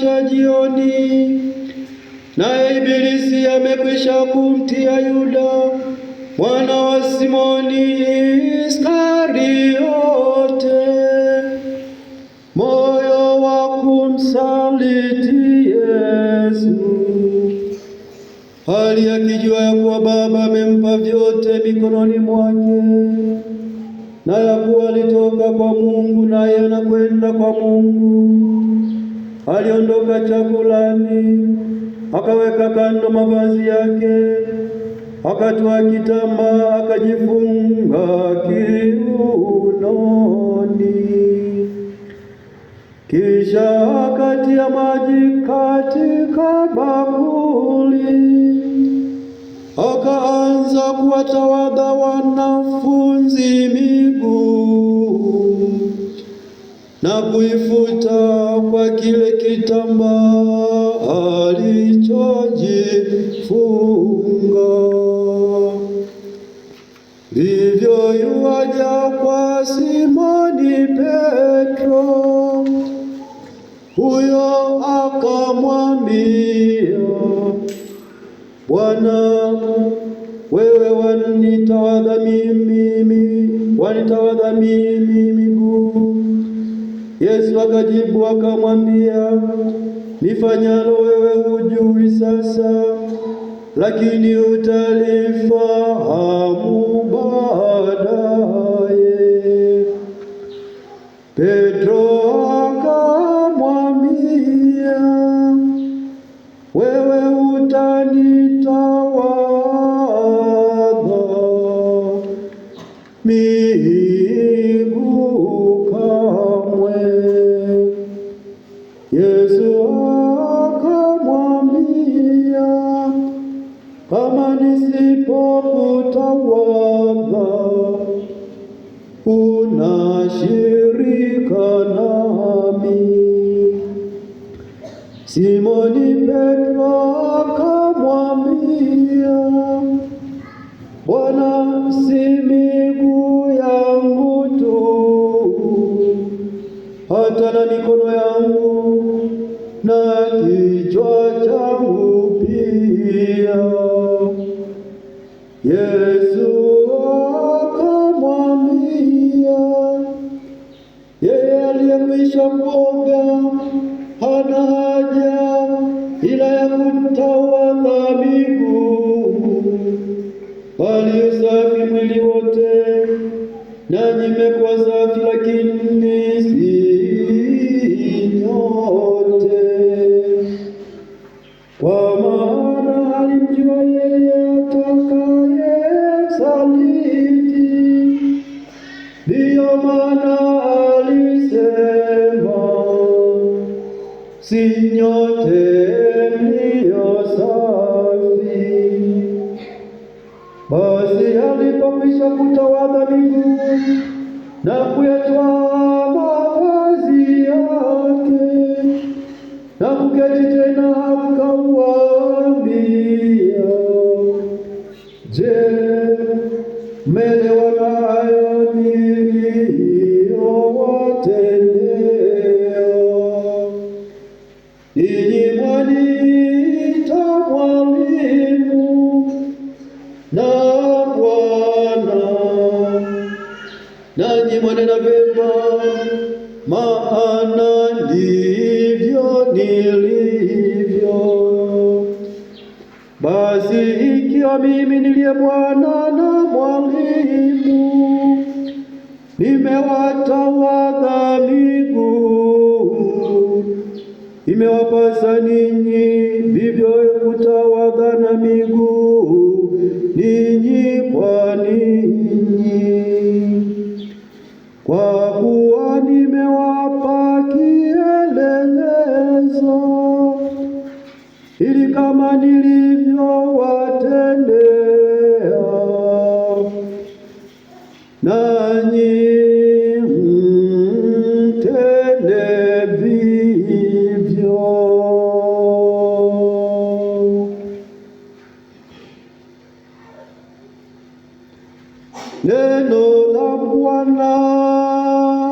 cha jioni. Naye Ibilisi amekwisha kumtia Yuda mwana wa Simoni Iskariote moyo wa kumsaliti Yesu, hali akijua ya kuwa Baba amempa vyote mikononi mwake na ya kuwa alitoka kwa Mungu naye anakwenda kwa Mungu aliondoka chakulani, akaweka kando mavazi yake, akatoa kitambaa, akajifunga kiunoni, kisha akatia maji katika bakuli, akaanza kuwatawadha wanafunzi na kuifuta kwa kile kitambaa alichojifunga. Vivyo yuwaja kwa Simoni Petro, huyo akamwambia, Bwana, wewe wanitawadha mimi, wanitawadha mimi Yesu akajibu akamwambia, nifanyalo wewe hujui sasa, lakini utalifahamu baadaye. Petro akamwambia, wewe utanitawadha mimi Simoni Petro akamwambia, Bwana, si miguu yangu tu, hata na mikono yangu na kichwa changu pia. Yesu akamwambia, yeye aliyekwisha kuoga na nimekosa kila kitu nisinyote, kwa maana alimjua yeye atakayemsaliti. Ndiyo maana alisema si nyote mlio safi alipokwisha kutawadha miguu na kuyatwaa mavazi yake na kuketi tena, akawaambia, Je, mmeelewana hayo? ndivyo nilivyo. Basi ikiwa mimi niliye Bwana na mwalimu, nimewatawadha miguu, imewapasa ninyi vivyo na miguu ninyi ili kama nilivyowatendea nanyi mtende vivyo. Neno la Bwana.